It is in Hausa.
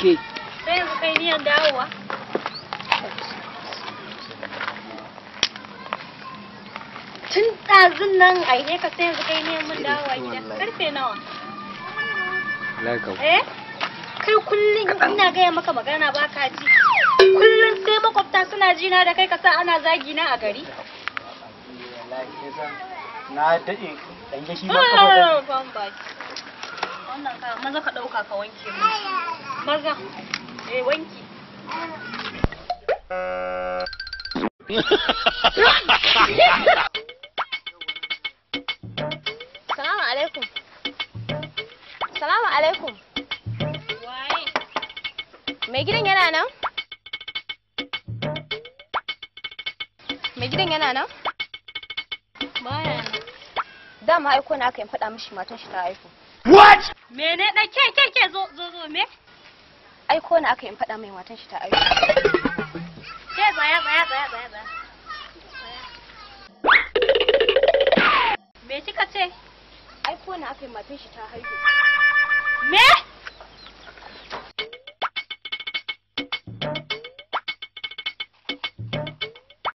ke tun ɗazun nan aihe ka sai yanzu kai niyan mun gida karfe nawa eh kai kullum ina gaya maka magana ba ji kullum sai makwabta suna jina da kai ka sa ana zagi na a gari na ɗauka ka wanke mu maza eh wanki Salamu alaikum. Salamu alaikum. Waye? Mai gidan yana nan? Mai gidan yana nan? Baya nan. Dama aiko na aka yi faɗa mishi matan shi ta aiko. What? Mene ɗan ke ke aiko na aka in faɗa mai matan shi ta aiko sai baya baya baya baya baya. me kika ce aiko na aka yi matan shi ta haihu